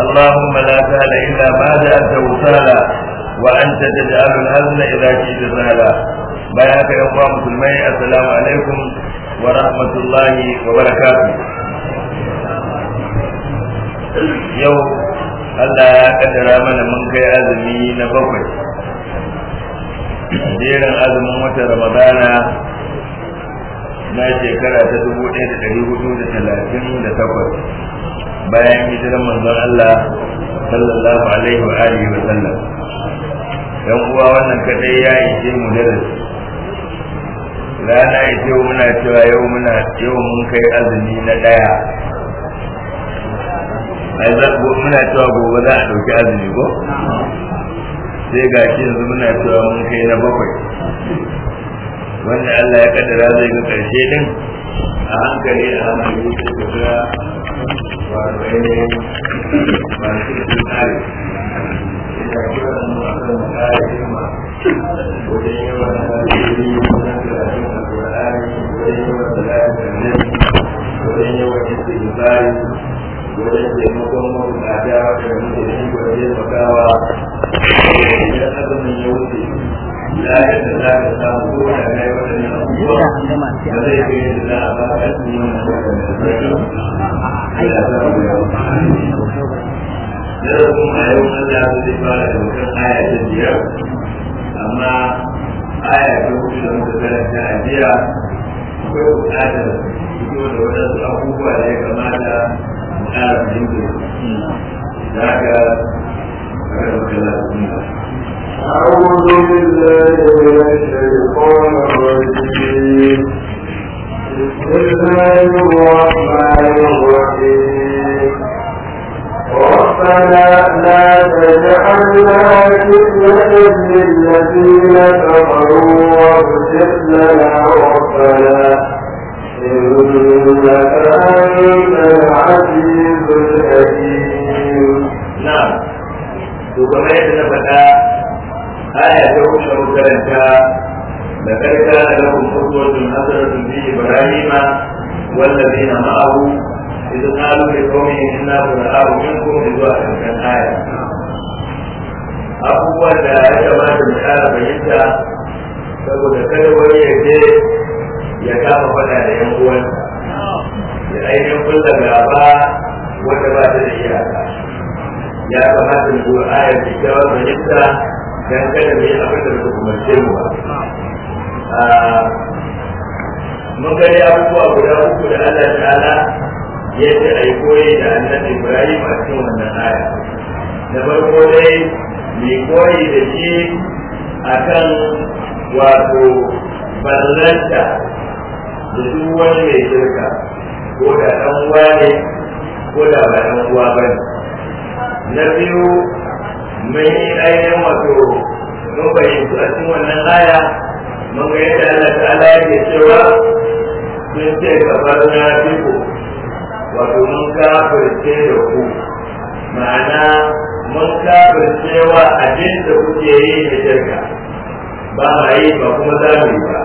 اللهم لا سهل إلا ما جعلته سهلا وأنت تجعل الحزن إذا شئت سهلا بياك يا أخوة مسلمي السلام عليكم ورحمة الله وبركاته يوم Allah ya kaddara mana mun kai azumi na bakwai jerin azumin watan Ramadana na shekara ta dubu ɗaya da ɗari hudu da talatin da takwas bayan hijirar manzon Allah sallallahu alaihi wa alihi wa sallam yan uwa wannan kadai ya ishe mu darasi rana ishe muna cewa yau muna yau mun kai azumi na ɗaya muna cewa gobe za a ɗauki azumi ko sai ga shi yanzu muna cewa mun kai na bakwai wanda Allah ya kaddara zai ga karshe din a hankali a hankali sai ka ga ba bayan ba su da tsari ina kira mu a kan tsari kuma wajen yawan tsari wajen karatun alƙur'ani wajen yawan salatin nabi wajen yawan istighfari wajen taimakon mabukata da mutum shi wajen makawa da azumin ya wuce لا يتزال التابوت لا يولد الأمور فليس إلا أباءكم Yadda a da da amma da da da أعوذ بالله من الشيطان الرجيم بسم الله الرحمن الرحيم ربنا لا تجعلنا فتنة للذين كفروا واغفر ربنا إنك أنت العزيز الحكيم نعم وكما يتنبأ aya ta uku da karanta da karka da lakum uswatun hasanatun fi ibrahim والذين معه إذ قالوا لقومهم إنا براء منكم إذ وأخذنا الآية abubuwan da ya kamata mu kara fahimta saboda kada wani ya je ya kama faɗa da yan uwansa da ainihin kulla gaba wanda ba da iyaka ya kamata mu dangane ne abin da suka umarce mu ba ah, mun gani abubuwa guda uku da Allah ta'ala ya ce a yi koyi da allah Ibrahim a cikin wannan aya da farko dai mai koyi da shi akan wato ballanta da duk wani mai shirka ko da ɗan uwa ne ko da ba ɗan uwa ba ne na biyu mai ainihin wato nobari su a cikin wannan aya mun ga yadda Allah ta'ala yake cewa sun ce kafar na fiko wato mun kafirce da ku ma'ana mun kafircewa abin da kuke yi da shirka ba ma yi ba kuma za mu yi ba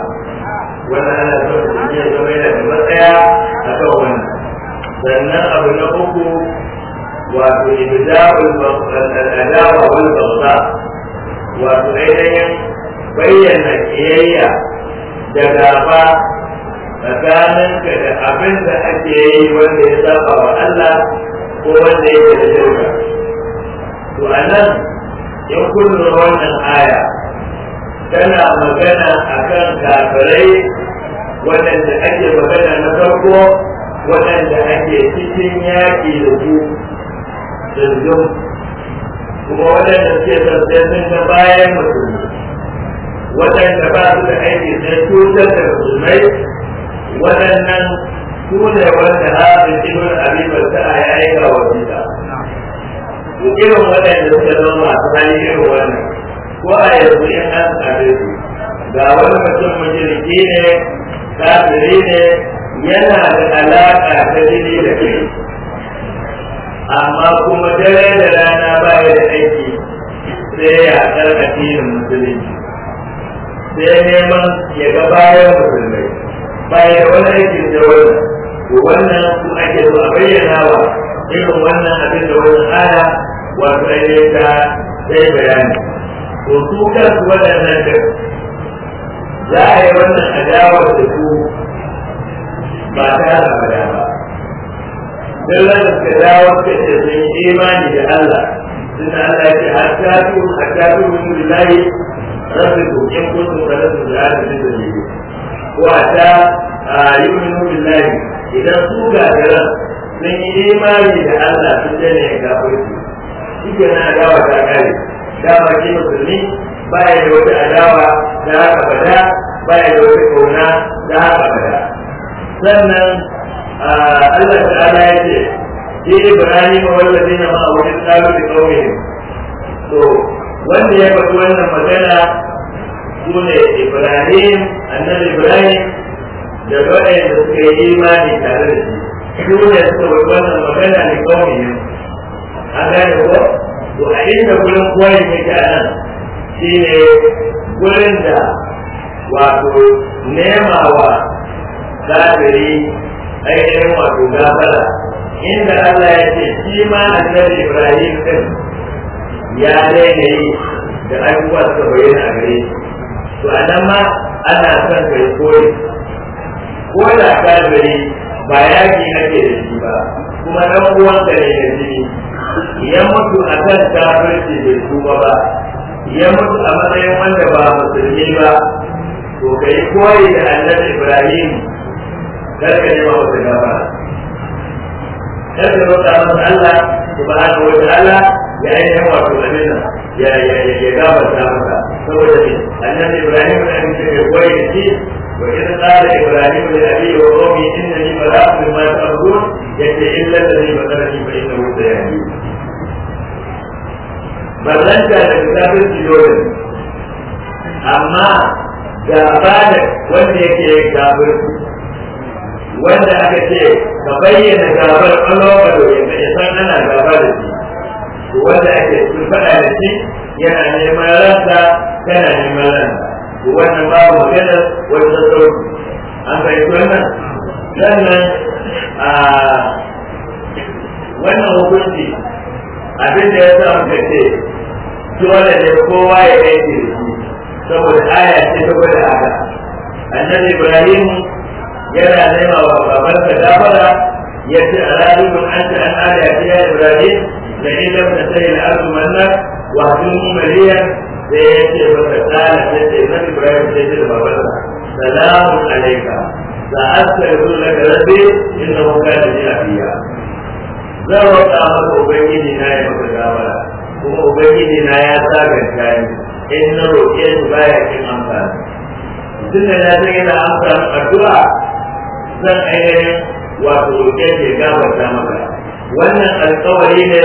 wannan ana son su ne zama yana da matsaya a kan wannan sannan abu na uku wato ibda'ul adawa wal baghdha wato ainihin bayyana kiyayya da gaba tsakaninka da abin da ake yi wanda ya saba wa Allah ko wanda yake da shirka to anan ya kullu wannan aya tana magana akan kafirai waɗanda ake magana na farko waɗanda ake cikin yaƙi da su yanzu kuma waɗanda suke zarce sun ga bayan musulmi waɗanda ba su da aiki sai cutar da musulmai waɗannan su ne wanda hafi ibn abi bakta a ya aika wa Su irin waɗanda suka zama masu hali irin wannan ko a yanzu in an same su ga wani mutum mujirki ne kafiri ne yana da alaƙa ta jini da kai amma kuma dare da rana ba ya da aiki sai ya karka da musulunci sai neman ya ga bayan musulmai bayan wani aikin da wannan to wannan su ake zuwa a bayyana wa irin wannan abin da wannan ala wato ainihin ta sai bayani to su kansu waɗannan da za a yi wannan adawar da su ba ta da Dalla da suka dawo da shirin imani da Allah, suna Allah ce, Hatta su, hatta su rasu ko yin kusa da rasu da Ko a ta yi mun yi idan su ga gara, sun yi imani da Allah sun jane ya gafe su. Shike na dawa ta kare, dama ke musulmi, baya da wata adawa da haka bada, baya da wata kauna da haka bada. Sannan Allah ta'ala ya ce shi Ibrahim wallazi na ma'a wajen tsaro da kauyen to wanda ya faɗi wannan magana sune Ibrahim annabi Ibrahim da waɗanda suka yi imani tare da shi su ne suka faɗi wannan magana da kauyen an gane ko to a inda gurin koyin yake a nan shi gurin da wato nema wa kafiri ainihin wato gafara inda Allah ya ce shi ma annabi Ibrahim din ya daina yi da abubuwa suka bayyana a gare shi to a nan ma ana son kai koyi ko da ka gari ba yaki ake da shi ba kuma dan uwanka ne da jini ya mutu a kan kafirci bai tuba ba ya mutu a matsayin wanda ba musulmi ba to kai koyi da annabi Ibrahim garka ne ba wata gafara kar ka roƙa masa Allah subhanahu wa ta'ala ya ainihin wato amina ya ya ya ya gafarta masa saboda ne annabi Ibrahim da an ya koyi da shi wa in qala Ibrahim li abi wa qawmi innani bara'un mimma ta'budun yace illa alladhi fatarani fa da amma wanda yake kafirci wanda aka ce ka bayyana gabar Allah da ya ka san ana gaba da shi wanda ake sun faɗa da shi yana neman ransa kana neman ransa wannan babu magana wani sassauci an bai wannan sannan a wannan hukunci abin da ya sa muka ce dole ne kowa ya aiki da shi saboda aya ce ta gwada haka annabi ibrahim yana nema wa babansa gafara ya ce a rayuwar an ta an ala ya ya ibrahim da ilam da sai da arzu nan, wa hadin mariya da ya ce masa tsara ya ce na ibrahim sai ce da babansa salamun alaika Za a ya zuwa daga rabbi inda muka da ji a biya zan roƙa maka ubangiji na ya maka gafara kuma ubangiji na ya saganta ni in na roƙe su baya kin amfani tun da na san yana amfani addu'a zan ainihin wato roƙe shi ya ta maka wannan alƙawari ne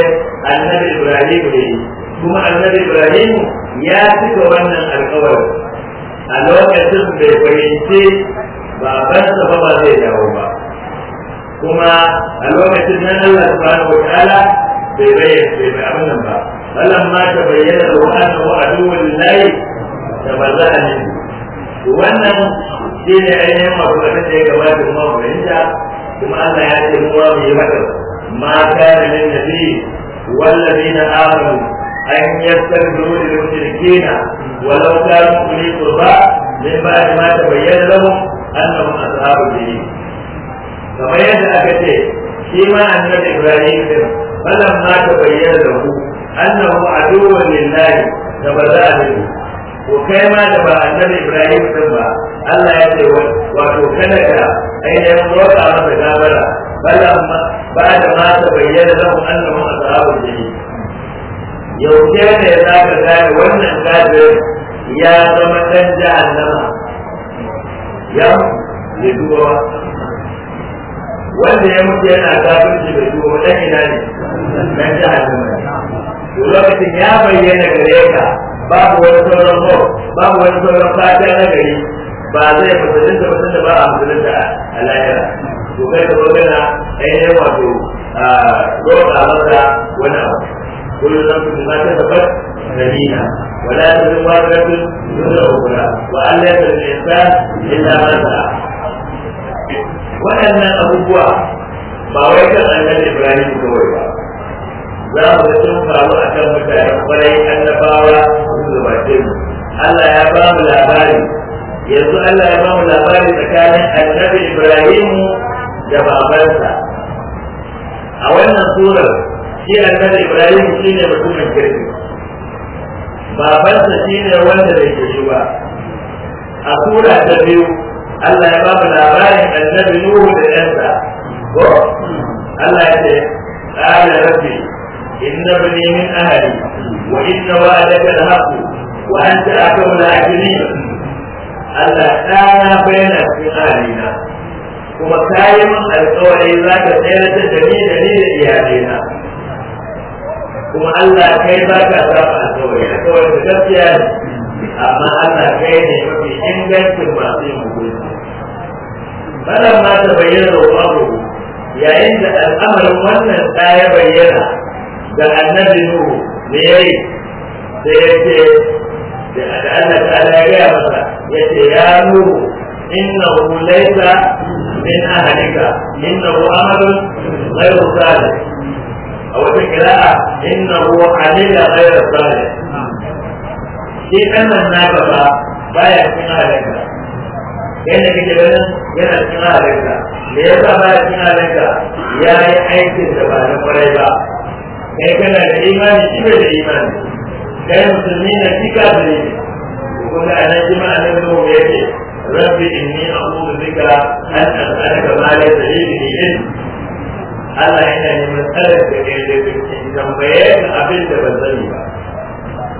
annabi ibrahim ne kuma annabi ibrahim ya cika wannan alƙawari a lokacin bai fahimci ba babansa ba ba zai dawo ba kuma a lokacin nan Allah subhanahu wa ta'ala bai bayyana bai abin nan ba falamma tabayyana wa annahu aduwwul lahi taballaha minhu wannan shi ne ainihin masu kasar da ya gabata kuma fahimta kuma Allah ya ce mu mu yi haka ma kana min nabi wallazina amanu an yastaghfiru lil mushrikeena walau kanu uli qurba min ba'di ma tabayyana lahum annahum ashabul jahim kamar yadda aka ce shi ma annabi Ibrahim din falamma tabayyana lahu annahu aduwwun lillahi tabayyana ko kai ma da ba annabi Ibrahim din ba Allah ya ce wato kada ka Ai ainihin roƙa masa gabara balla ba da ma ta bayyana lahu annahu ashabul jahim yaushe ne za ka gane wannan kafirin ya zama dan jahannama ya ne duwa wanda ya mutu yana kafirci bai duwa dan ina ne dan jahannama to lokacin ya bayyana gare ka babu wani sauran ko babu wani sauran fata na gari ba zai musulunta mutum da ba a da a lahira to kai ka zo gana ainihin wato roƙa masa wani abu kullum zan fi ma ta tabbat نبينا ولا تزر وازرة وزر أخرى وأن لا يزر الإنسان إلا ما سعى waɗannan abubuwa ba wai kan annabi Ibrahim kawai ba za mu ga sun faru a kan mutanen kwarai annabawa gabace mu Allah ya ba mu labari yanzu Allah ya ba mu labari tsakanin annabi Ibrahim da babansa a wannan surar shi annabi Ibrahim shine mutumin kirki babansa shine wanda bai kirki ba a sura ta biyu Allah ya ba mu labarin annabi Nuhu da ɗansa ko Allah ya ce قال ربي إن ابني من أهلي وإن وعدك الحق وأنت أكرم الأكرمين Allah ɗana bayyana cikin ahalina kuma kayan alkawari za ka tsayar da ni da ni da kuma Allah kai ba ka samu alkawari alkawari da gaskiya ne amma Allah kai ne mafi ingancin masu yin Malam yayin da al'amarin wannan ɗaya bayyana da annabi nuhu ne yayi sai ya ce da Allah ta'ala ya gaya masa ya ce ya nuhu innahu laysa min ahlika hu amalun ghayru salih a wata kira'a hu alila ghayru salih shi kan nan na gaba baya cikin halinka yadda kake ganin yana cikin halinka me yasa baya cikin halinka ya yi aikin da ba na kwarai ba kai kana da imani shi bai da imani kai musulmi na shi kafiri ne kuma a nan jima a nan zuwa ya ce rabbi inni a'udhu bika an as'alaka ma laysa li bihi ilm Allah yana neman tsarin da kai da kai tambaye ka abin da ban sani ba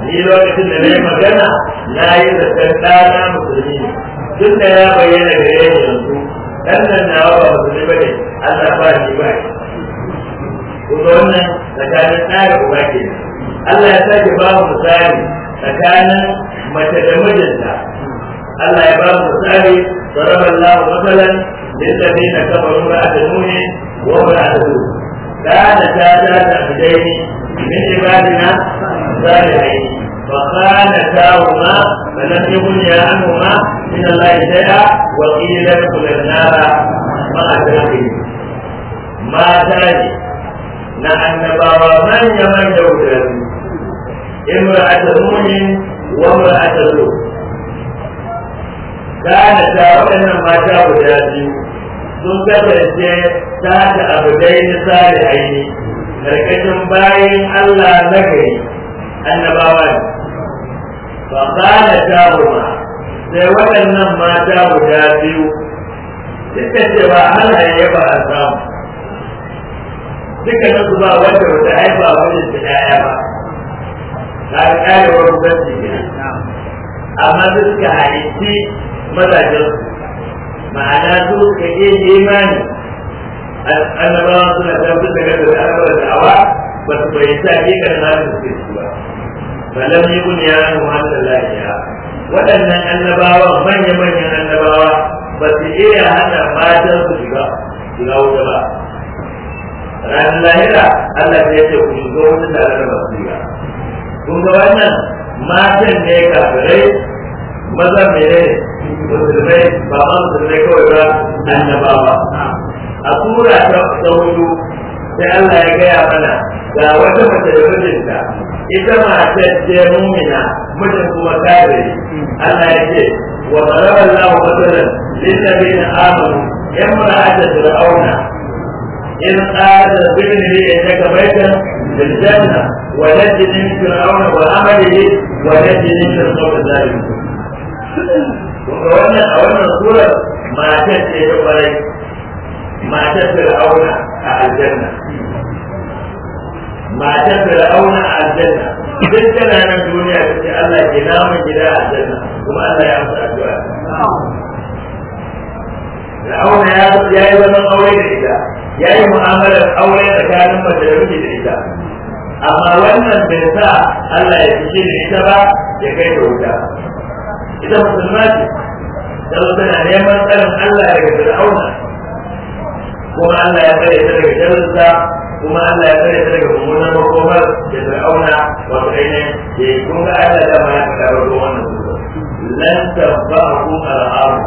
ni lokacin da na yi magana na yi zaton ɗana musulmi ne, tun da ya bayyana gare ni yanzu ɗan nan na nawa ba musulmi ba ne Allah ba shi ba shi kuma wannan tsakanin tsaya uba ke Allah ya sake ba mu tsari tsakanin mace da mijinta Allah ya ba mu tsari da rabar lawa matsalan da ta fi na kafa nuna a tanuni ko wani azu ta da ta ta ta fi dai ne min ibadi na tsari a yi fa kana ta huma da na fi kunya an huma min Allah ya tsaya wa ƙi da kulan ma a tsari na annabawa manya manya guda biyu imra'atu mu'min wa imra'atu lut kana ta wannan mata guda biyu sun kasance ta abu dai na sare aini karkashin bayan Allah na gari annabawa ba kana ta sai waɗannan mata guda biyu duk da cewa Allah ya ba a samu dukkanin su ba wanda wata ta haifa wani da yaya ba na ga karewar kudanci ne amma su suka halitti mazajen ma'ana su suka iya imani annabawa suna tafi da da abubuwa da awa ba su bai sa ke karna da suke su ba balam yi kun ya wa hannun lafiya waɗannan annabawa manya-manyan annabawa ba su iya hana matan su shiga shiga wuta ba ranar lahira Allah ya ce ku shigo wani tare da basira kun ga wannan matan ne kafirai maza mene musulmai ba ma musulmai kawai ba annabawa a tura ta sauyo, sai Allah ya gaya mana ga wata mace da mijinta ita matar ce mumina mijin kuma kafiri Allah ya ce wa ضرب الله مثلا للذين امنوا امرأة فرعون إن قال ابن لي إنك بيتا للجنة ونجني من فرعون وعمله ونجني من القوم الظالمين. وأنا أولا سورة ما تأتي إلى ما تأتي فرعون الجنة ما fir'auna a aljanna duk tana nan duniya الله جنام Allah gina وما gida a aljanna fir'auna ya ya yi zaman aure da ita ya yi mu'amalar aure da kanin mace da miji da ita amma wannan bai sa Allah ya fice da ita ba ya kai da wuta ita musulma ce da na neman tsarin Allah daga fir'auna kuma Allah ya bari ta daga jarinsa kuma Allah ya bari ta daga mummunan makomar da fir'auna wato ainihin ya yi kuma, Allah da ma ya faɗa wannan lan tabba'u al-ardh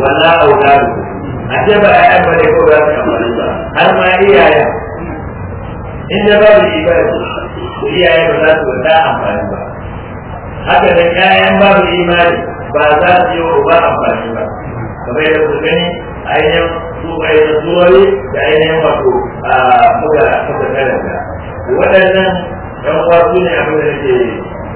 wala auladukum ashe ba ya yi bane ko za su amfani ba har ma iyaye in da babu shi ba amfani ba haka da kayan babu imani ba za su yi wa ba amfani ba kamar yadda su gani ainihin su ainihin zuwari da ainihin wato a muka kasa karanta waɗannan ɗan wasu ne abin da ke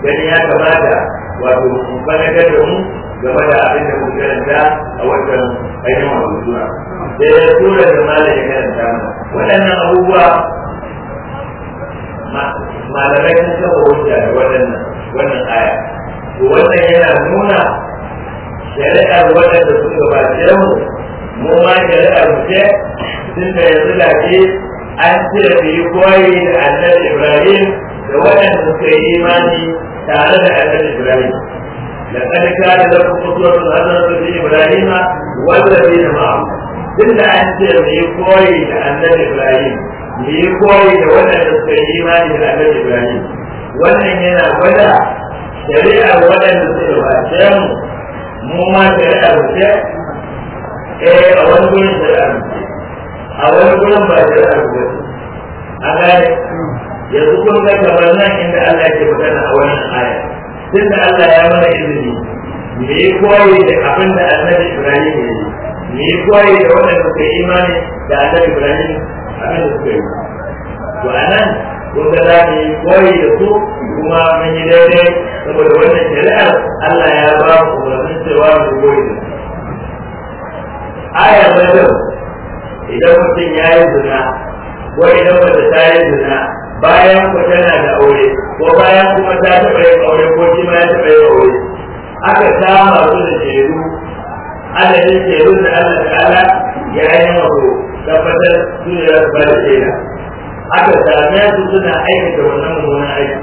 gani ya kamata wato fadakar da mu game da abin da muka karanta a wannan ainihin rubutura da ya tura da malam ya karanta waɗannan abubuwa malamai sun saba hujja da waɗannan wannan aya to wannan yana nuna shari'ar waɗanda suka gabace mu mu ma shari'ar mu ce tun da yanzu da ke an cire da yi koyi da annabi ibrahim da waɗanda suka yi imani tare da annabi Ibrahim لقد كان لكم أسوة حسنة في إبراهيم والذين معه duk da an ce mu yi koyi da annabi Ibrahim mu yi koyi da waɗanda suka yi imani da annabi Ibrahim wannan yana gwada shari'ar waɗanda suka bace mu mu ma shari'ar ce eh a wani gurin ce a wani gurin ba shari'ar ce a gane yanzu kun ga kamar nan inda Allah ke magana a wannan aya tunda Allah ya mana izini me ya koyi da abin da annabi Ibrahim ya yi me ya koyi da wannan suka imani da annabi Ibrahim abin da suka yi to anan ko da za mu yi koyi da su kuma mun yi daidai saboda wannan shari'ar Allah ya ba mu umarnin cewa mu koyi da su aya ta idan mutum ya yi zina ko idan mace ta yi zina bayan ku tana da aure ko bayan kuma ta taɓa yin aure ko shi ma ya taɓa yin aure aka kama su da jeru adadin jerun da Allah ta'ala ya yi wato tabbatar su ne za su ba da shaida aka same su suna aikata wannan mummunan aiki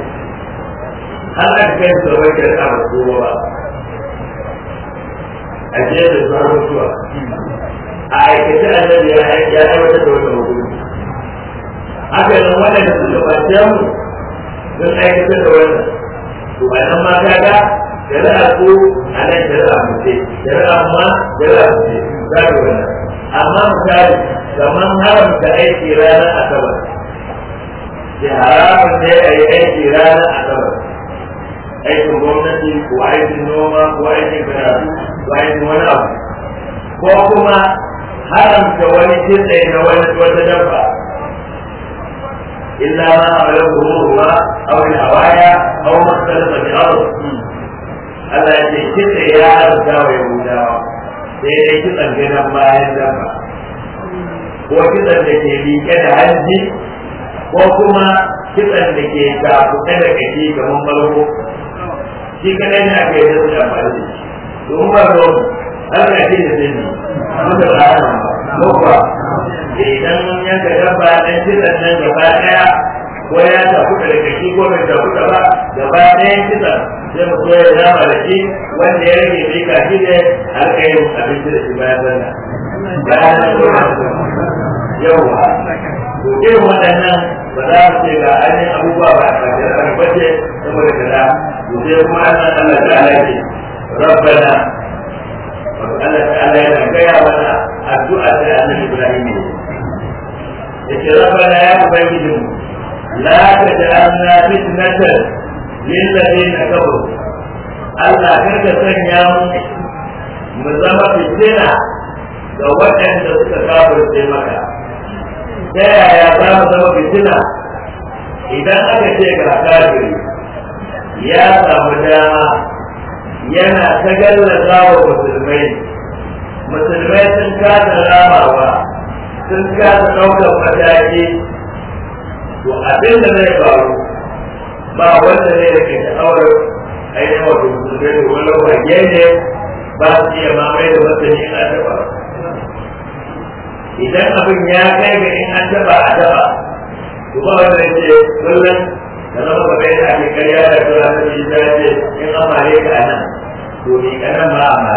har aka kai su da wajen a masu ba a jiya da zuwa a aikace annabi ya aiwatar da wannan hukunci haka nan wannan da suka bace mu don aikatar da wannan to a nan ma kaga shari'a ko a nan shari'a mace shari'a ma shari'a mace za ka wannan amma misali kamar haramta aiki ranar asabar da haramun ne a yi aiki ranar asabar aikin gwamnati ko aikin noma ko aikin karatu ko aikin wani abu ko kuma haramta wani kitse na wani wata dabba إلا ما حمله ظهورها أو الهوايا أو ما اختلف الأرض Allah ya ce kitse ya arda wa Yahudawa sai dai kitsan ganin bayan dabba ko kitsan da ke liƙe da hanji ko kuma kitsan da ke tafuɗe da kake kamar barko shi kadai na kai da su da shi domin ba ruwan Allah ya da zai ne ba ko ba da idan mun yanka dabba dan kisan nan gaba daya ko ya ta tafi karkashi ko bai tafi ba gaba ɗayan kisan sai mu so ya dama da shi wanda ya rage bai kashi ne har kai abinci da shi bayan wannan yawa to irin waɗannan ba za su ce ga ainihin abubuwa ba a kafin arbace saboda kada ko sai kuma an san Allah ta alaƙi rabbana wato Allah ta alaƙi gaya mana addu'a da annabi Ibrahim ne yake rabana ya ubangiji mu la taj'alna fitnatan lil ladina kafaru Allah kar ka sanya mu mu zama fitina ga waɗanda suka sai maka ta yaya za mu zama fitina idan aka ce ga kafiri ya samu dama yana ta gallaza wa musulmai musulmai sun kasa ramawa sun kasa ɗaukar mataki to abin da zai faru ba wanda zai da ke sha'awar ainihin wato musulmai da wani wajen ne ba su iya mamaye da masani a taɓa idan abin ya kai ga in an taɓa a taɓa to ba wanda ya ce kullum da zama ba kai da ake karya da tura ta ce in amare ka nan to ni kanan ba a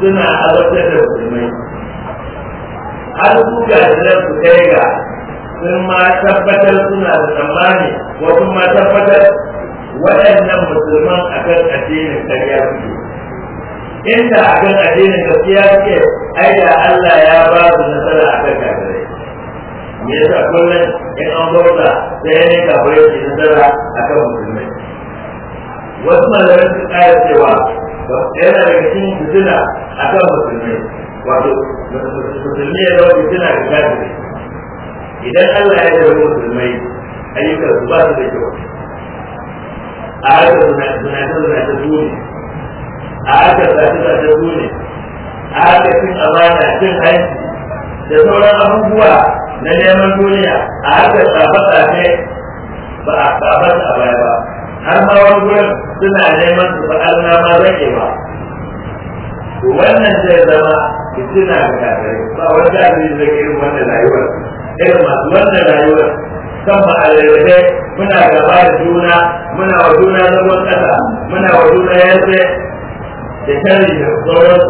suna wata da musulmai an buga da nan su kai ga sun ma tabbatar suna da tsammani wasu ma tabbatar waɗannan musulman a kan addinin ƙarya suke inda a kan addinin gaskiya suke ai da Allah ya ba su nasara a kan kafirai me yasa kullum in an bauta sai ne kafirai ke nasara a kan musulmai wasu malaman su ƙara cewa yana da cikin fitina a kan musulmi wato musulmi ya zama fitina ga kafiri idan Allah ya zama musulmai ayyukan su ba su da kyau a haka zunata zunata su ne a haka zunata zunata su ne a haka cin amana cin hanci da sauran abubuwa na neman duniya a haka tsafe-tsafe ba a tsafe a baya ba har ma wani gurin suna neman su ba Allah ma rage ba to wannan zai zama suna ga kafirai ba wanda zai zai irin wannan rayuwar irin masu wannan rayuwar kan ma'alayyade muna gaba da juna muna wa juna zaman kasa muna wa juna yanzu da tare da sauran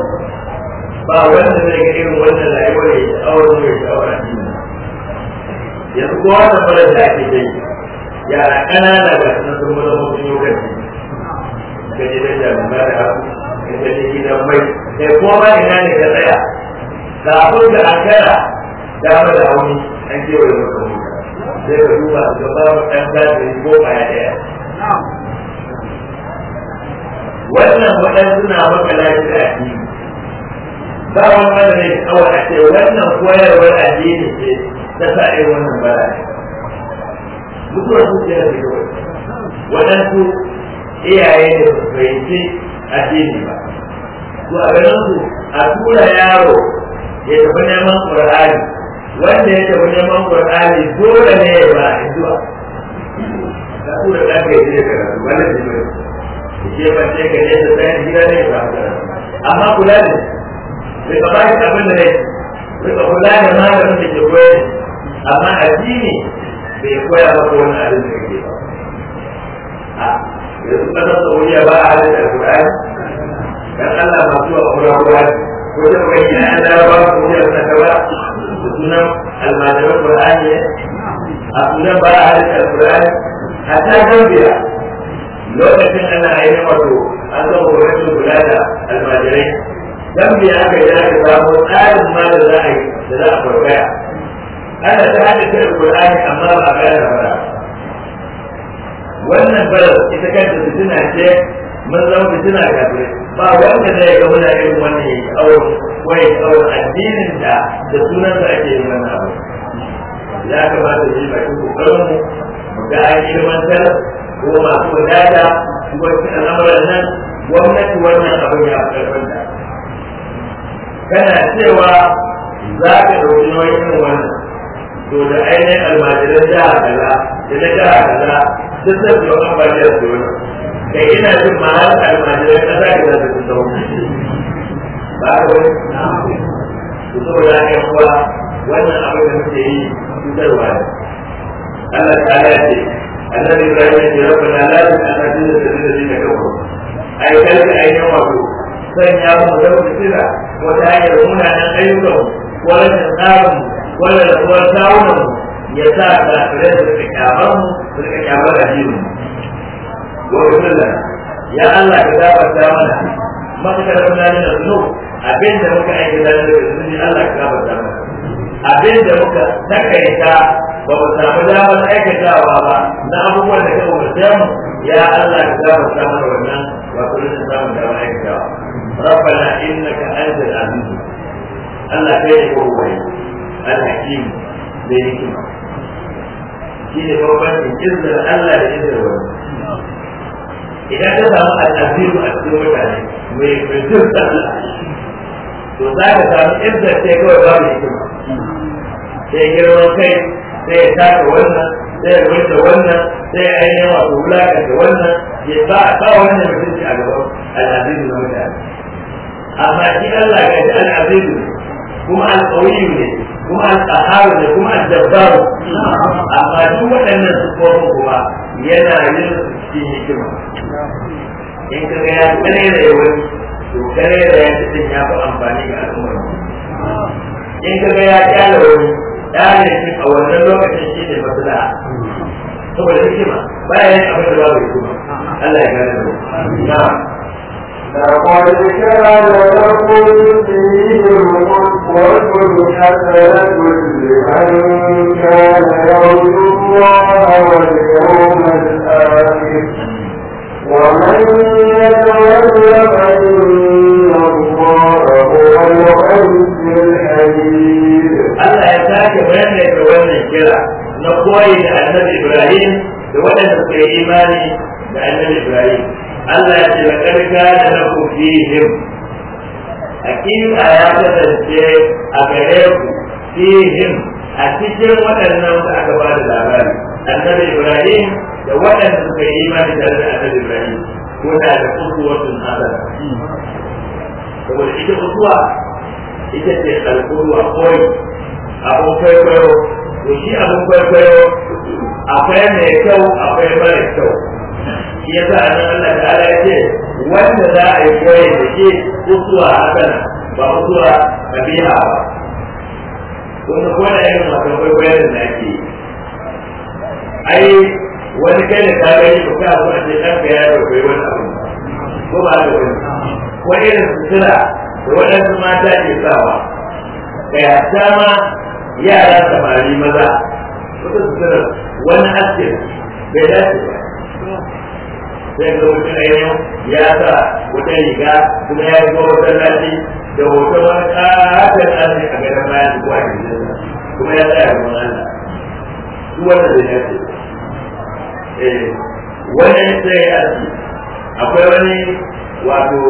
ba wanda zai ga irin wannan rayuwar ya sha'awar zuwa sha'awar yanzu kowa da fara da ake dai yara ƙanana ba su sun mana zama sun yi ji ka je da ba da haku ka je gidan mai Sai kuma ba ina ne ka tsaya da abin da an kara dama da hauni an kewaye maka wuta sai ka duba ba. babu ɗan gadi ko ɓaya ɗaya wannan waɗan suna maka lafiya addini ba wani wanda ne kawai a ce wannan koyarwar addini ce ta sa irin wannan ba. mutuwa zuciya da kawai waɗansu iyaye da su fahimci addini ba to a ganin su a tura yaro ya tafi neman ƙur'ani wanda ya tafi neman ƙur'ani dole ne ya ba a zuwa ka tura ɗan ka yi karatu wanda ta yi ke fance ka ne da tsayin gida ne ba amma kula da bai ka bashi abin da ne bai ka kula da maganin da ke koyar amma addini bai koya maka wani abin da yake ba yanzu kasar saudiya ba a halin alkur'ani dan allah masu wa kura kura ko da kai yana an laraba ko da wani kaba da sunan almajiran qur'ani a sunan ba a halin alkur'ani hatta gambiya lokacin ana ainihin wato an zama gwamnatin kula da almajirai gambiya aka yi aka samu tsarin ana ta haɗa kai Qur'ani amma ba ga da ba wannan barar ita kanta fitina ce mun zama fitina kafirai ba wanda zai ga muna irin wannan yayi auren wai auren addinin da da ake yin wannan abu ya kamata yi bakin kokarin ga ilmantar ko masu wadata wasu al'amuran nan gwamnati wannan abin ya cewa za ka ɗauki wannan to da ainihin almajiran jiha kaza da na jiha kaza duk zan biyo ambaliyar su wani da ina jin ma har almajiran kasa ke da su sau ba ka wani su saboda haka kuwa wannan abin da muke yi cutarwa ne Allah ta ya ce annabi Ibrahim ya ce rabbana la tu'akhidna da dhanbi ka kawo ai a yi yawa ko sanya mu da wasira wata hanyar munanan ayyukan ko rashin tsarin wannan da kuma tawunan ya sa kafirai su rika kyamar mu su rika kyamar addinin mu wa bismillah ya Allah ka gafarta mana matakar muna ne da zuno abin da muka aiki da zuno ne Allah ka gafarta mana abin da muka takaita ba mu samu damar aikatawa ba na abubuwan da ka umarce mu ya Allah ka gafarta mana wannan ba kullum da samu damar aikatawa ربنا انك انت العزيز الله كيف هو alhakim mai hikima shi ne bambancin izinin Allah da izinin wani idan ka samu al'azimu a cikin mutane mai to za ka samu izinin sai kawai babu hikima sai girman kai sai ya taka wannan sai ya wuce wannan sai ya yi yawa wulaka wulakanta wannan ya ba a ba wannan mutunci a gaban al'azimu na mutane amma shi Allah ga shi al'azimu kuma al'awiyu ne kuma al-qahhar da kuma al-jabbar amma duk waɗannan ko kuma yana yin cikin hikima in ka ga ya kare da yawan to kare da ya ci ya fi amfani ga al'ummar in ka ga ya kyala wani ɗalin shi a wannan lokacin shi ne maslaha saboda hikima yi abin da babu hikima Allah ya gane da mu لقد كان لكم فيهم قدوة حسنة لمن كان يرجو الله واليوم الآخر ومن يتولى فإن الله هو الغني الحميد. الله يسعدك وين يتولى الكلى نقول النبي إبراهيم لولد في إيماني بأن إبراهيم Allah ya ce wa karka da na kofi him hakika ya kasance a gare ku fi a cikin waɗannan da aka ba da labari annabi Ibrahim da waɗanda suka yi imani tare da annabi Ibrahim ko da da kusuwatun hasana saboda ita kusuwa ita ce alƙurwa koyi abun kwaikwayo to shi abun kwaikwayo akwai mai kyau akwai mara kyau shi ya sa nan Allah ta'ala ya ce wanda za a yi koyi da shi usuwa hasan ba usuwa tabi'a ba wanda ko da yin wasan kwaikwayon da ake ai wani kai da ta gani ko ka zo a ce ɗan ka yaro bai wani abu ko ba da wani ko irin sutura da waɗansu mata ke sawa kai hatta ma yara samari maza wata sutura wani askin bai dace ba sai ga mutum yau ya sa wata riga kuma ya zo lati da hoton wani a bayan su kuwa kuma ya tsaya su wata zai ya ce eh, ya tsaye ya ce akwai wani wato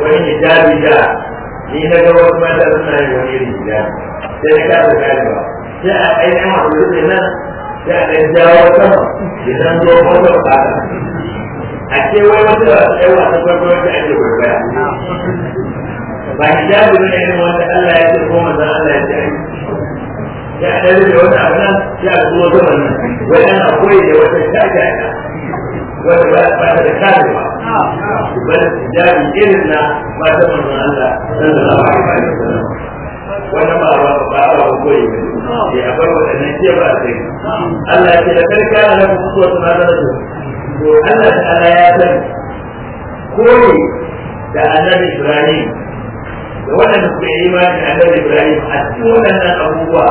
wani hijabi da ni na ga wasu mata suna yin wani irin sai sai a ainihin nan sai a ɗan jawo sama zo a ce wai wata ɗan wasan kwaikwayo da ake kwaikwaya ba hijabi ne irin wanda Allah ya ce ko manzon Allah ya ce ya ɗan da wata abu ya zuwa zaman nan wai ana koyi da wata shakaka wata ba ta da ba hijabi irin na ta manzon Allah sallallahu alaihi wasallam wannan ba ba ba ba koyi ne ya bar wadannan ke ba sai Allah ya ce da karka na kuma su da to Allah ta'ala ya sani kore da annabi Ibrahim da waɗanda suka yi imani da annabi Ibrahim a cikin waɗannan abubuwa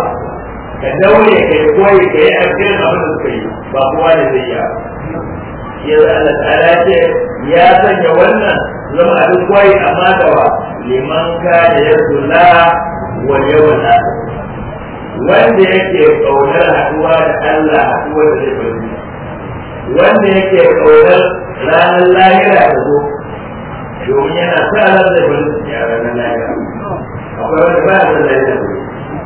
ka daure ka yi koyi ka yi alkhairin abin da suka yi ba kowa ne zai yi Yanzu Allah ta'ala ya ce ya sanya wannan zama abin koyi amma da wa liman ka da ya kula wa yawan wanda yake ƙaunar haɗuwa da Allah haɗuwar da zai wanda yake kaunar ranar lahira da zo domin yana sa ran da wani su a ranar lahira akwai wanda ba a ranar lahira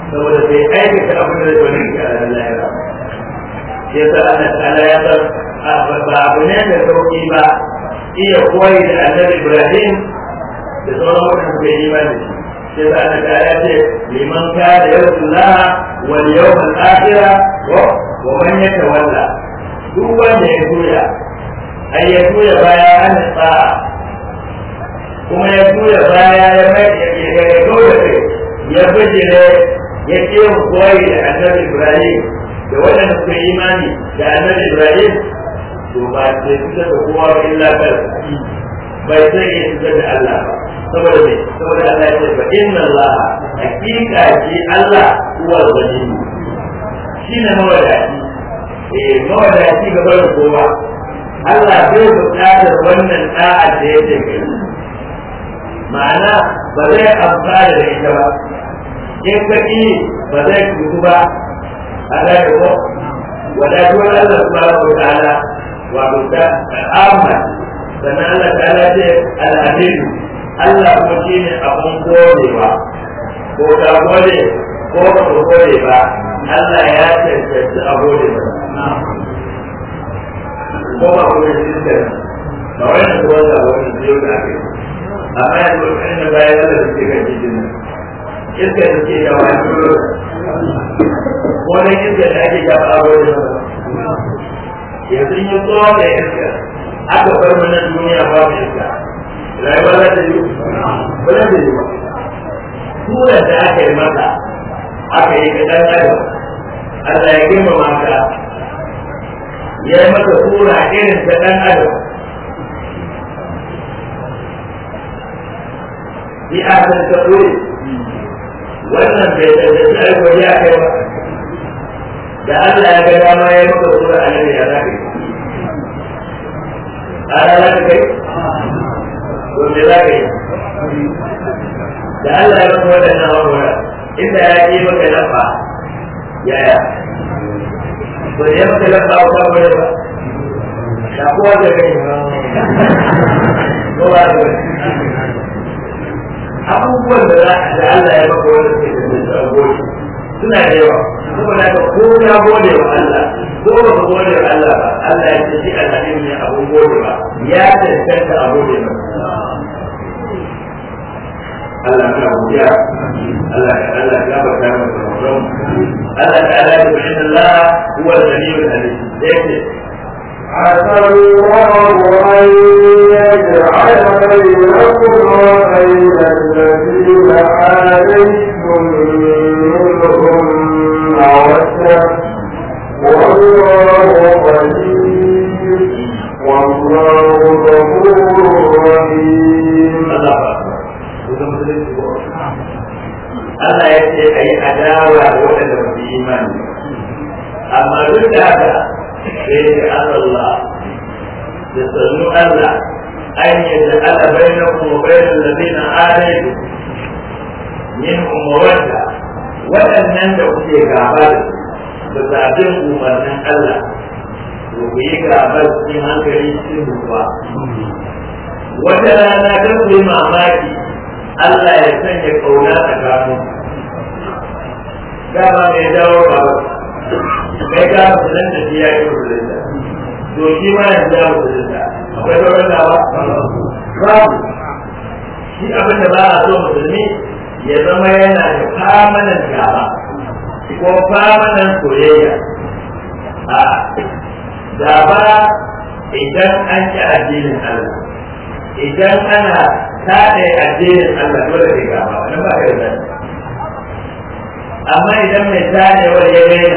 saboda sai aikata abin da wani su a ranar lahira ya sa ana tsada ya sa ba abu ne da sauƙi ba iya koyi da annabi ibrahim da sauran wanda suka yi ba da shi ya sa ana tsada ya ce liman ka da yau laha wani yau al-akhirah wa man yatawalla duk wanda ya juya ai ya juya baya an tsa kuma ya juya baya ya mai ya dole kai ya bijire ya ce koyi da annabi Ibrahim da waɗanda suka imani da annabi Ibrahim to ba sai fita da kowa illa kansa bai sai ya da Allah ba saboda saboda Allah ya ce inna Allah hakika Allah huwa al shi ne mawadaci eh mawa da shi gaba da kowa Allah zai buƙatar wannan da'a da ya ce ma'ana ba zai amfana da ita ba in ka ba zai cutu ba a zai ko wadatuwar Allah subhanahu wa ta'ala wato ta amma sannan Allah ta'ala ce al'adilu Allah kuma shi ne abin ba. ko ta kore ko ba ta kore ba Allah ya tantance a gode ba kuma ku da sistem da wani kuwa da wani biyo da ake amma ya zo kan da bayan da suke kan jikin nan iska da ke da wani biyo ko iska da ake da a gode ba yanzu yi tsohon da iska aka bar mana duniya ba mu iska rayuwa za ta yi ba za yi ba tura da aka yi mata aka yi ga ɗan Allah ya girmama ka ya yi maka tura irin ɗan adam bi a ta wannan bai kai ba da Allah ya ga dama ya maka tura a nan ya za ka yi a ranar kai to me za ka yi da Allah ya maka waɗannan wawara inda ya yi maka nafa yaya to ya maka da kawo ta bare ba da kowa da kai ko ba da abubuwan da za da Allah ya maka wanda ke da tsaro suna da yawa kuma da ka ko na gode wa Allah ko ba ka gode wa Allah ba Allah ya ce shi alhaji ne abun gode ba ya tantance abun gode ba Allah ka wuya Allah ka Allah ka ba ka masa wannan Allah ta ala bi inna huwa al-ghani al-halim yake عسى الله أن يجعل بينكم وبين الذين عليكم منهم مودة والله adawa da waɗanda ba su imani amma duk da haka sai da Allah da sannu Allah an yi da ala bainakum da bainal ladina alaykum min umarwarta waɗannan da kuke gaba da su da zaɓin umarnin Allah to ku yi gaba cikin hankali cikin ruwa wata rana ta ku yi mamaki Allah ya sanya ƙauna tsakanin dama mai dawo ba kai ka musulun da ya yi musulun da to shi ma yanzu ya musulun da akwai sauran dawa babu shi abin da ba a so musulmi ya zama yana da famanan gaba ko famanan soyayya a gaba idan an ci addinin Allah idan ana taɗe addinin Allah dole ne gaba wani ba kai da amma idan mai tanewar ya daina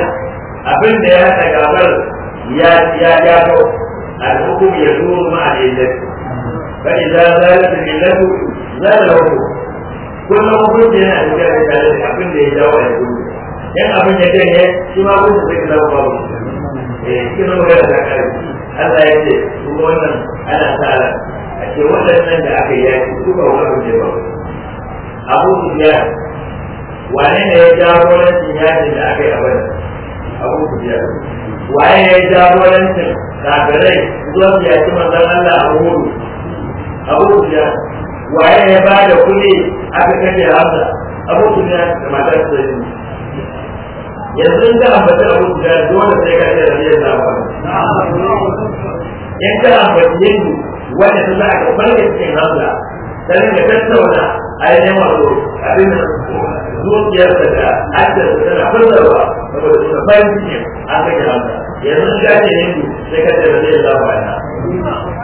abin da ya ta gabar ya ya jafo alhukum ya zo ma a daidai fa idan da millatu zalika da kullum hukunci yana tafiya da tare da abin da ya jawo a yanzu yan abin da ke ne shi ma kun zai zama babu eh kina magana da kai Allah ya ce su wannan ana tsara a ce wannan da aka yi yaki duka wannan da babu Abu Sufyan wane ne ya jagorancin yakin da aka yi a bada abu ku biya waye ya jagorancin kafirai zuwa su yaki manzon Allah a Uhud abu ku biya waye ya ba da kuɗi aka kashe Hamza abu ku biya da matar su yanzu in ka ambaci abu ku biya dole sai ka ce rabiyar labar in ka ambaci hindu wanda su za a karɓar da cikin Hamza sannan ka tattauna a yi neman abin da su zuciyar da ta ake tana furtarwa saboda su bayan ne a kai da hanta yanzu ga ne ne ku sai ka tabbata ya zama wannan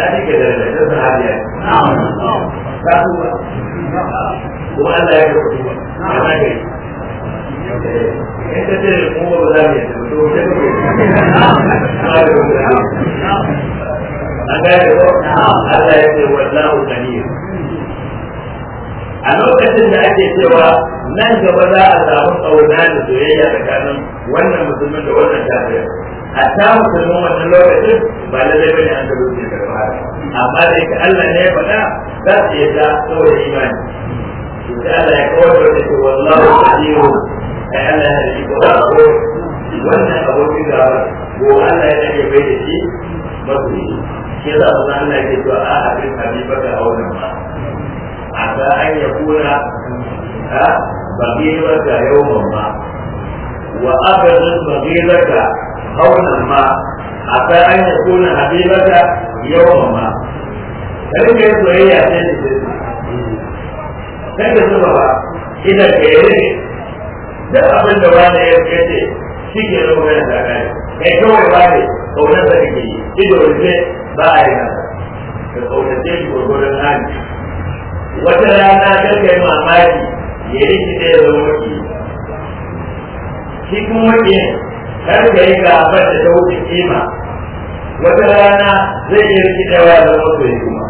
ya ne ke da da ta hadiya ta kuma kuma Allah ya ga kuma ya ma ga eh, in ka ce kuma ba za mu yi to an ga Allah ya ce wallahu a lokacin da ake cewa nan gaba za a samu tsauna da soyayya tsakanin wannan musulmin da wannan kafir a ta musulmin wannan lokacin ba lallai bane an gaba da ba amma da ka Allah ne ya faɗa za su yi ta saboda imani da Allah ya kawar da wata wallahu qadiru ai Allah ya rike da ko wannan abokin da ko Allah ya rike bai da shi masu shi zama Allah ya ce to a abin ba a wannan ba عسى أن يكون بغيضك يوما ما وأبغض بغيضك هونا ما عسى أن ma حبيبك يوما ما فإن كنت ce sai da zuba ba ina kere ne da abin da wani ya kace shi ke zama mai da kai kai kawai ba ne kaunar da kake yi ido ne ba a yi nasa ka kaunace da gurgurdan hali wata rana kan kai mamaki ya yi shi da ya zama maki shi kuma maki kan kai gabar da ta wuce kima wata rana zai iya rikidawa da masoyi kuma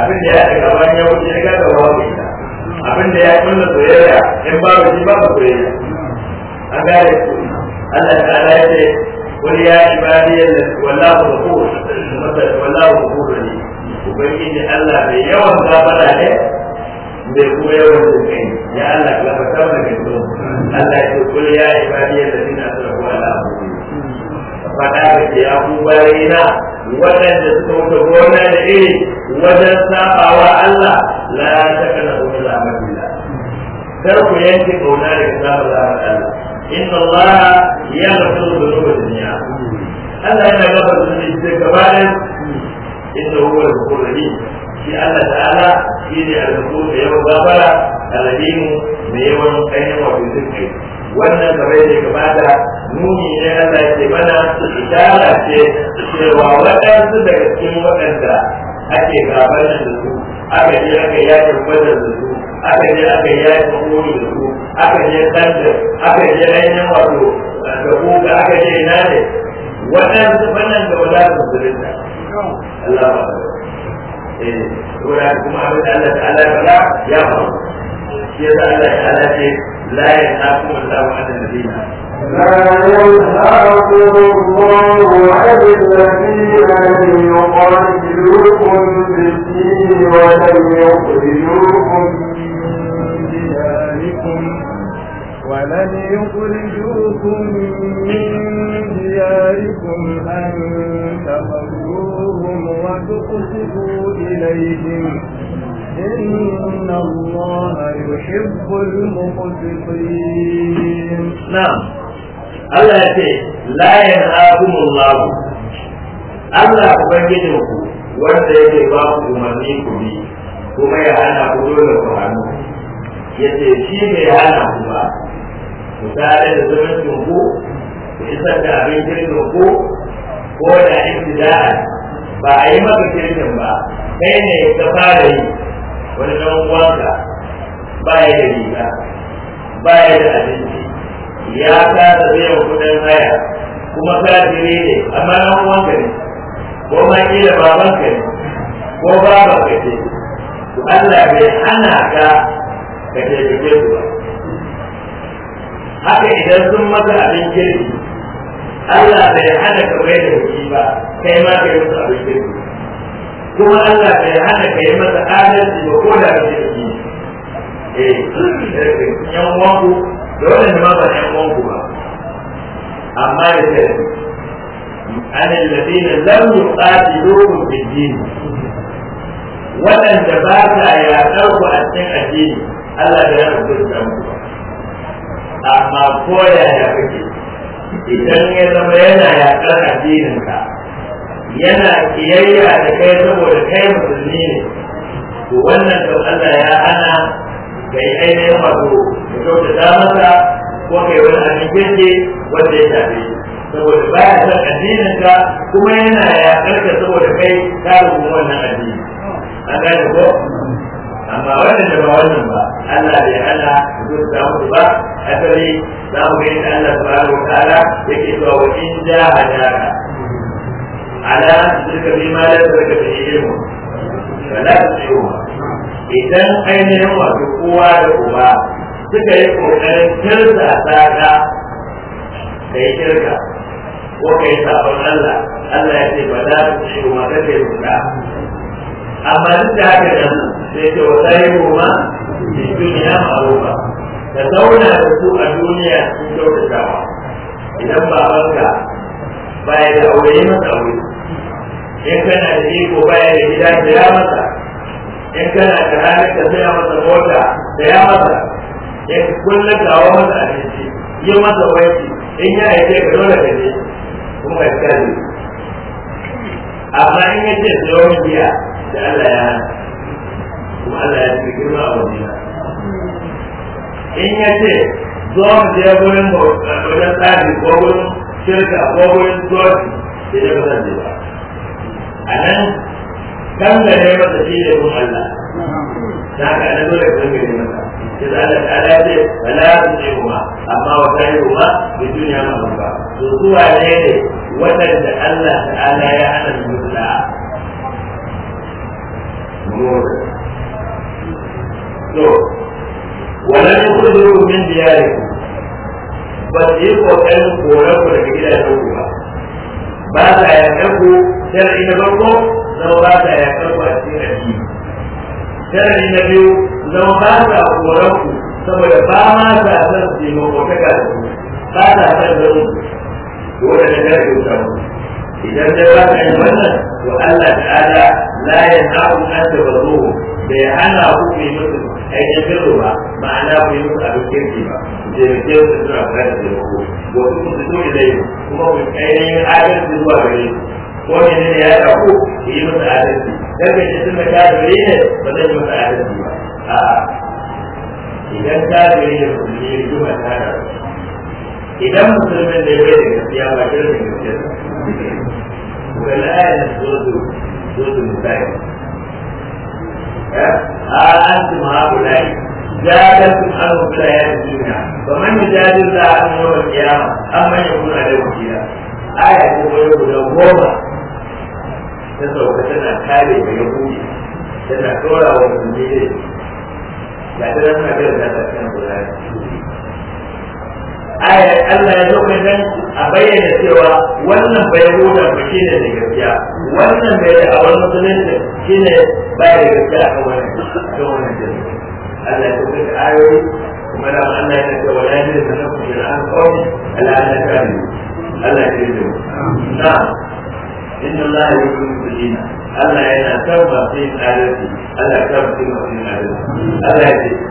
abin da ya daga bayan ya wuce daga da wawa ita abin da ya kunna soyayya in babu shi babu soyayya A gane ku Allah ta'ala ya ce قل يا عبادي والله غفور والله غفور لي ubangiji Allah mai yawan gafara ne bai kuma yawan jinkai ya Allah ka lafa da so Allah ya kula ya yi fadiyar da nuna sarrafa ala faɗa ka ce abubuwarai na waɗanda suka wuce gona da iri wajen sabawa Allah la ta kana kuma la. kar ku yanke kauna da kitabar zaɓar Allah inna Allah ya gafi da duniya Allah yana gafa da zuwa gaba ɗaya inda huwa al-ghafur shi Allah ta'ala shi ne al-ghafur da yawan gafara al-rahim da yawan kayan wato zuci wannan kamar da kamata nuni ne Allah ke mana isara ce cewa waɗansu daga cikin waɗanda ake gabar da su aka je aka yakin wajen da su aka je aka yakin wuri da su aka je kandir aka je ainihin wato da kuka aka je ina ne waɗansu wannan da wadatar musulunta Allah eh saboda kuma abin da Allah ta'ala ya fada ya faru shi yasa Allah ta'ala ce la yanhaqu Allahu 'ala al-ladina لا ينهاكم الله عن الذين يقاتلوكم في الدين ولم يخرجوكم من دياركم ولن يخرجوكم من دياركم أن تخرجوهم وتقسطوا إليهم إن الله يحب المقسطين نعم Allah ya ce la yanhaakum Allah Allah ubangijin ku wanda yake ba ku umarni ku bi kuma ya hana ku dole ku hannu yace shi bai hana ku ba ku tare da zaman ku ku isa da abin kirkin ku ko da ibtida'a ba a yi maka kirkin ba kai ne ka fara yi wani dan uwanka ba ya da riga ba ya da abinci ya kasa biyan kudin haya kuma ka kafiri ne amma dan uwanka ne ko ma kila babanka ne ko babanka ce Allah bai hana ka ka taimake su haka idan sun maka abin kirki Allah bai hana ka bai da hukki ba kai ma ka yi musu abin kirki kuma Allah bai hana ka yi masa adalci ba ko da abin kirki eh yan wanku da wannan ma ba yan wanku ba amma da kirki an alladina lam yuqatiluhum fid din waɗanda ba sa yaƙar ku a cikin addini Allah da ya rubuta mu amma ko ya kake idan ya zama yana yaƙar addininka yana kiyayya da kai saboda kai musulmi ne to wannan to Allah ya hana ga yi ainihin wato da kyautata masa ko kai wani abin wanda ya tafi? saboda baya son addininka kuma yana yaƙar ka saboda kai ta rubu wannan addini an gane ko amma wannan da ba wannan ba Allah ya hana su zo su ba asali za mu ga yadda Allah subhanahu wataala yake cewa wa in jahadaka ala shirka bi ma la shirka bi ilmu wala tusiru idan ainihin wato kowa da uba suka yi kokarin kirsa tsaka da ya kirka ko kai sabon Allah Allah ya ce ba za su ciwo ma kake ruka amma duk da haka nan sai ce wa sai goma bi duniya ma'rufa ka zauna da su a duniya sun kyautatawa idan babanka baya da aure yi masa aure in kana da iko baya da gida ya masa in kana da ranar ka saya masa mota ya masa in kullum kawo masa abinci yi masa wanki in ya aike ka dole ka je kuma ka kare amma in ya ce tsohon biya da Allah ya kuma Allah ya ce girma a wajen in ya ce zo mu je wajen tsari ko shirka ko gurin zoci da ya ba ba a nan kan da ne masa shi ne mun Allah da haka na dole ka zanga ne masa sai da Allah ta ala ce wala tuji kuma amma wa kai kuma bi duniya ma ba zuwa ne ne wadanda Allah ta'ala ya hana musu da'a wannan kuma zai kudu min diyari ba su yi kokarin korar ku daga gidajen ku ba ba sa yakar ku shar'i na farko zama ba sa yakar ku a cikin addini shar'i na biyu zama ba sa korar ku saboda ba ma sa san su yi makotaka da ku ba sa san zama dole na jirgin samu idan dai ba sa yi wannan to Allah ta'ala la yanza'u an tabarruhu bai hana ku yi musu aikin sirru ba ma'ana ku yi musu abin kirki ba da ya ke su suna fara da taimako wasu kun su tuni da kuma adalci zuwa gare ko ne ya ɗauko ku yi musu adalci dan bai ce sun ka ba zai yi musu adalci ba a'a idan musulmi da idan musulmin bai da gaskiya ba shirin da gaskiya ba wala ya zo dukkan misali a asti mahabu lai jadar sun an ba man da jadar za a kan an manyan kuna da wakila a ya ce yau da goma ta tana kare mai yahudi tana tsora wa mutum ne ya tana tana kare da ta kan kula ya Aya Allah ya zauka dan a bayyana cewa wannan bai huda ba shi ne da gaskiya wannan bai da awar musulunci shi ne bai da gaskiya a wannan ta wannan jirgin Allah ya zauka da ayoyi kuma da Allah ya zauka wa lafiya da nan kuma da an kawo Allah ya zauka Allah ya zauka na inna Allah ya zauka da Allah yana san masu yin adalci Allah ya san yin adalci Allah ya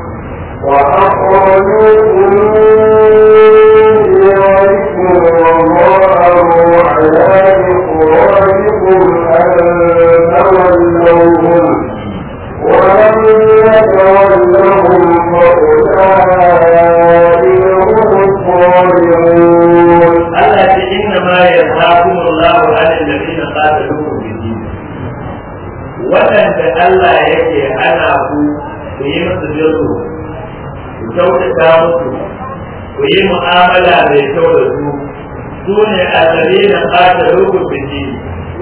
Allah yake ana ku ku yi musu jinsu ku kyautata musu ku yi mu'amala mai kyau da su su ne a na ɓata rukun biki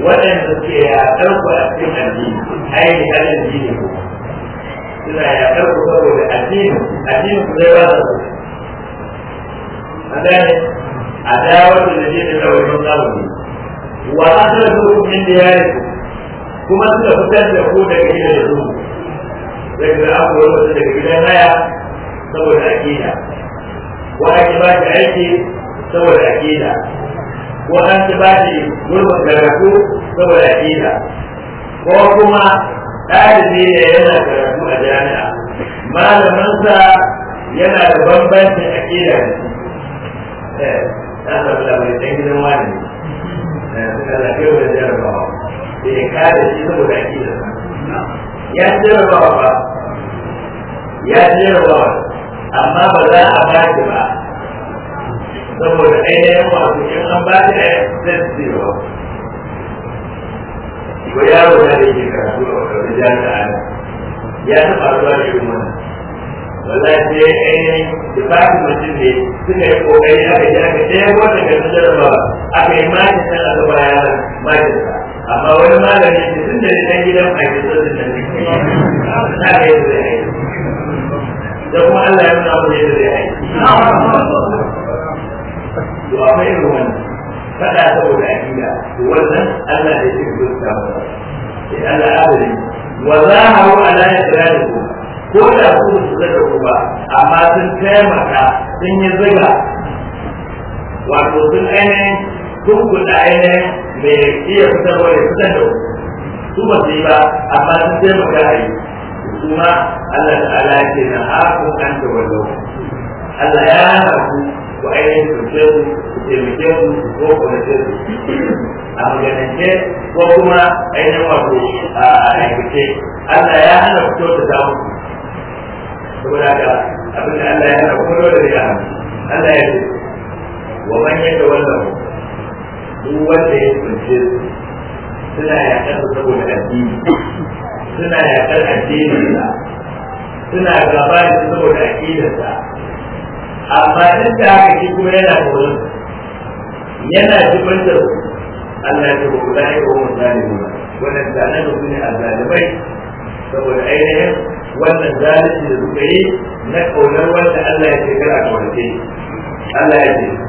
waɗanda suke yaƙar ku a cikin addini aini addini ku suna yaƙar ku saboda addini addini ku zai ba da su a a dawo da jini da wajen zamani wa asalakum min diyarikum kuma suka fitar da ku daga gidan su zai ga aku wani daga gidan haya saboda akida ko an ci ba shi aiki saboda akida ko an ci ba shi gurbin karatu saboda akida ko kuma ɗalibi ne yana karatu a jami'a malamansa yana da bambancin akida da shi ta samu da ɗan gidan wani ne eh, suka zafi wajen jarabawa da ya kada shi saboda ake da ya jarabawa ba ya jarabawa amma ba za a ba shi ba saboda ainihin wasu in an ba shi a zai zero ko yaro na da yake karatu a wani jami'a ya taɓa ruwa da yin wannan wala ce ainihin da ba su mutum ne suka yi kokari aka yi aka ɗaya wata ga jarabawa aka yi makin san a baya yaran makin sa amma wani malami ne tun da kan gidan aiki sun da nan na ga yadda zai aiki da kuma Allah ya nuna yadda ya yi. to akwai irin wannan faɗa saboda wannan Allah ya ce ku ta masa sai Allah adali wa zaharu ala ikrarikum ko da ku su zaga ku ba amma sun taimaka sun yi zaga wato sun ainihin sun kuɗa ainihin mai iya fitarwa ya fitar da su ba su yi ba amma sun sai maka a yi kuma Allah ta'ala ya ke na haku an da wallo Allah ya haku ku ainihin turke su ku taimake su ku ko ku nace su a maganance ko kuma ainihin wato a aikace Allah ya hana ku kyauta ta muku saboda ga abin da Allah ya hana kuma kyauta da ya hana Allah ya ce wa man yadda wallahu duk wanda ya kunce suna yaƙar saboda addini suna yaƙar addininsa suna gaba da saboda aƙidarsa amma duk da haka shi kuma yana koyon yana jibantar Allah ta ba guda ya wani zalimi ba wannan zanen da ne a zalimai saboda ainihin wannan zalimi da suka yi na ƙaunar wanda Allah ya ce kar a kaunace Allah ya ce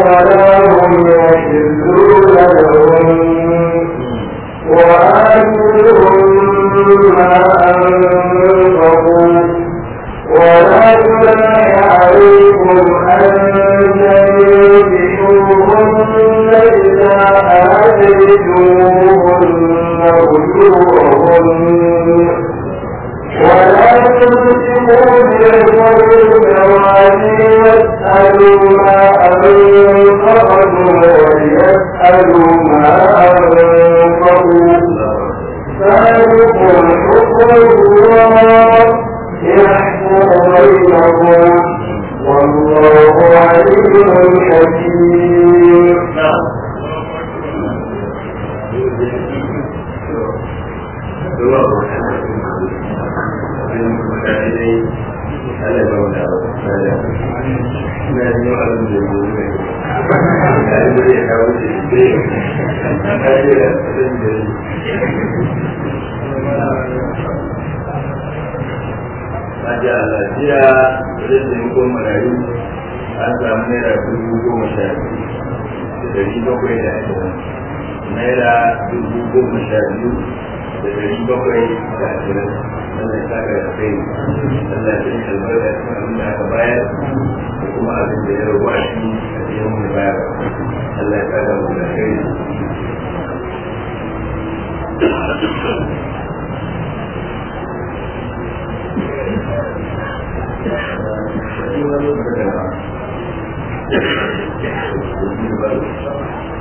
ولا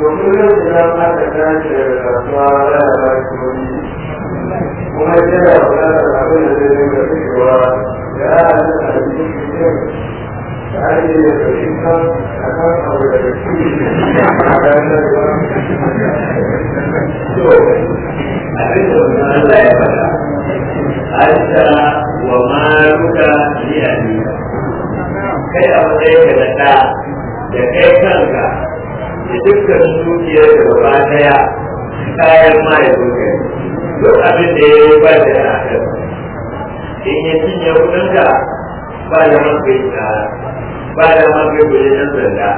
domin yau da za a ta tashi da a kan a kan a abin kai a matsayin da kai kanka dukkan dukiyar da gaba daya kayan mai dukiyar duk abin da ya yi ba da ya aka in ya cinye kudin da ba da man kai tsara ba da man kai kudin yan sanda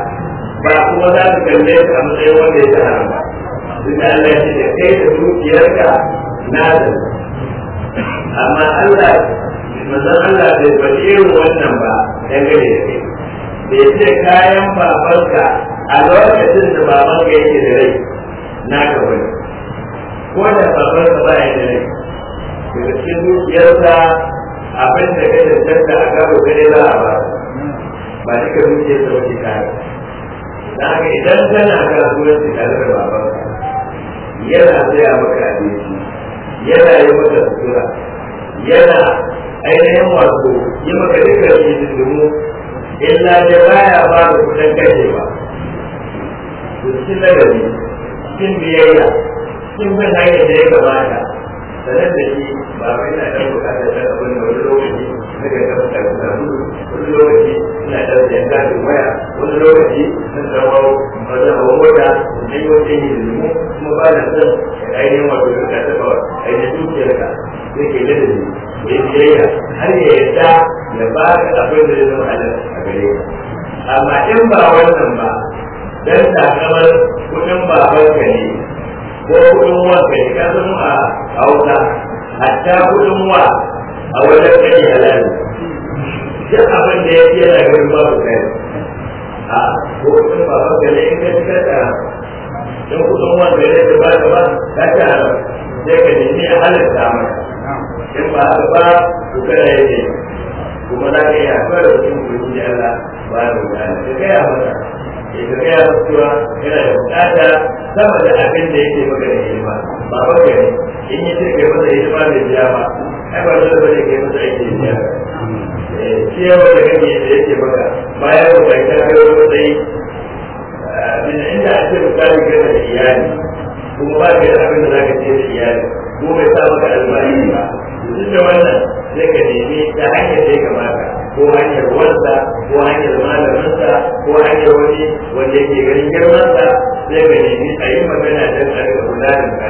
ba kuma za su kalle a matsayin wanda ya ta harama duk da Allah ce da kai da dukiyar ka na amma Allah manzon Allah bai bari irin wannan ba dangane da kai bai ce kayan babanka a lokacin da babanka yake da rai na ka ko da babanka ba ya da rai daga cikin dukiyarsa abin da ka cancanta a gaba gare za a ba ba duka dukiyarsa wace kayan da haka idan kana su tare da babanka yana a maka abinci yana yi maka sutura yana ainihin wato yi maka duka shi domin illa da baya ba da kudin kashewa to cikin lagari cikin biyayya cikin bin hanyar da ya gabata sanar da shi ba mai na ɗan bukatar ɗan abin da wani lokaci na ga gaba da samu wani lokaci ina ɗan da yanka da waya wani lokaci na tsawo ba zan hawa mota na yi wata yi da kuma ba na son ainihin wato ta taɓa ainihin dukiyarka yake ladabi ya har ya yadda ya ba ka abin da ya zama halal a gare ka amma in ba wannan ba dan takamar kudin ba ka ne ko kudin wanka ne ka san a hausa hatta kudin wa a wajen ka ne halal duk abin da ya fiye da gari babu kai a ko kudin ba ka ne in ka ci ka don kudin wanka ne da ba ka ba ka ci haram sai ka nemi halarta maka in ba haka ba to kada ya ce kuma za ka yi akwai da mutum kuma da Allah ba da bukata ka gaya mata ya ka gaya masa cewa yana da bukata sama da abin da yake maka da yi ba ba ka ne in yi ce kai masa hidima bai biya ba ai ba dole ba ne kai masa aiki da biya ciyarwa da kake da yake maka bayan ba kai ta kai wani matsayi abin da inda ake misali gane da iyali kuma ba ka da abin da za ka ce shi yari ko bai sa maka albashi ba duk da wannan sai ka nemi ta hanyar da ya kamata ko hanyar wansa ko hanyar malaminsa ko hanyar wani wanda yake ganin girmansa sai ka nemi a yi magana don a rika kula da